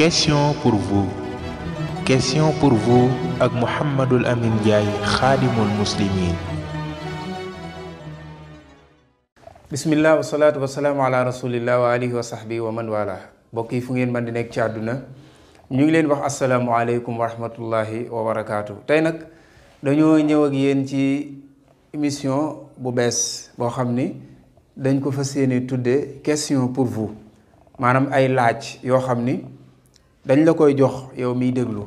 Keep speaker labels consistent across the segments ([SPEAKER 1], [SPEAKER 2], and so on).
[SPEAKER 1] question pour vous question pour vous ak Mouhamadul Amin Ndiaye xaadimul muslimin bismillah wasalaatu wasalaamu ala rasulillah wa alihi wa sahbi wa man wala mbokk yi fu ngeen man di nekk ci àdduna ñu ngi leen wax asalaamualeykum wa rahmatullahi wa barakaatu tey nag dañoo ñëw ak yéen ci émission bu bees boo xam ni dañ ko fa yéene tudde question pour vous maanaam ay laaj yoo xam ni dañ la koy jox yow mi déglu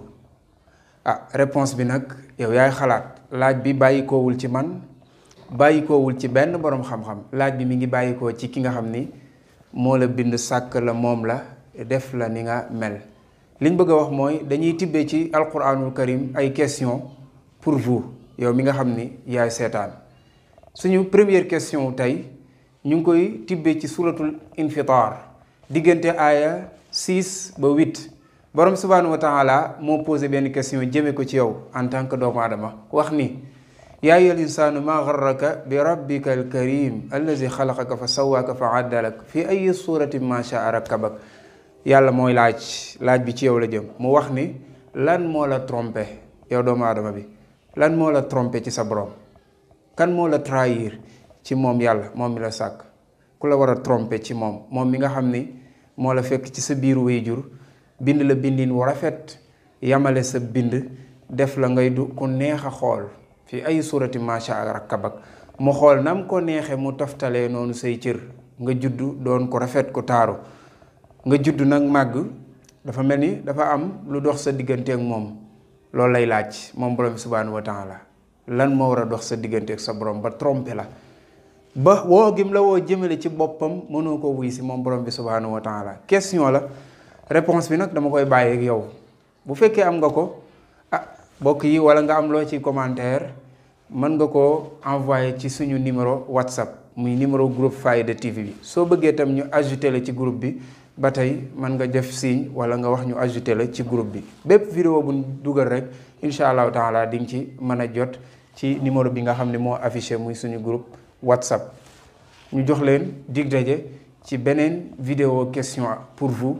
[SPEAKER 1] ah réponse bi nag yow yaay xalaat laaj bi bàyyikoowul ci man bàyyikoowul ci benn boroom xam-xam laaj bi mi ngi bàyyikoo ci ki nga xam ni moo la bind sàkk la moom la def la ni nga mel liñ bëgg a wax mooy dañuy tibbee ci alquranul karim ay question pour vous yow mi nga xam ni yaay seetaan suñu première question tey ñu ngi koy tibbee ci suratul infitar diggante aaya 6 ba 8 borom subhaanahu wa taala moo posé benn question jëme ko ci yow en tant que doomu aadama wax ni yaa ayyuhal insaanu maa garraka bi rabbika alkarim allazi xalaqaka fa sawwaaka fa addalak fi ayi suratin ma shaa rakkabak yàlla mooy laaj laaj bi ci yow la jëm mu wax ni lan moo la trompé yow doomu aadama bi lan moo la trompé ci sa borom kan moo la trahir ci moom yàlla moom mi la sàkk ku la war a trompé ci moom moom mi nga xam ni moo la fekk ci sa biiru waajur bind la bindin wu rafet yamale sa bind def la ngay du ku neex a xool fi ay suurati macha ak kabak mu xool nam ko neexe mu toftalee noonu say cër nga juddu doon ko rafet ku taaru nga juddu nag màgg dafa mel ni dafa am lu dox sa diggante ak moom loolu lay laaj moom borom subhanahu wa taala lan moo war a dox sa diggante sa borom ba trompé la ba la woo jëmale ci boppam mënoo ko wuy si moom borom bi subhanahu wa taala question la réponse bi nag dama koy bàyyi ak yow bu fekkee am nga ko ah mbokk yi wala nga am loo ci commentaire mën nga ko envoyé ci suñu numéro whatsapp muy numéro groupe Faaida TV bi soo bëggee tam ñu ajouté la ci groupe bi ba tey mën nga def signe wala nga wax ñu ajouté la ci groupe bi bépp vidéo bu dugal rek incha allahu taala di nga ci mën a jot ci numéro bi nga xam ne moo affiché muy suñu groupe whatsapp ñu jox leen dig ci beneen vidéo question pour vous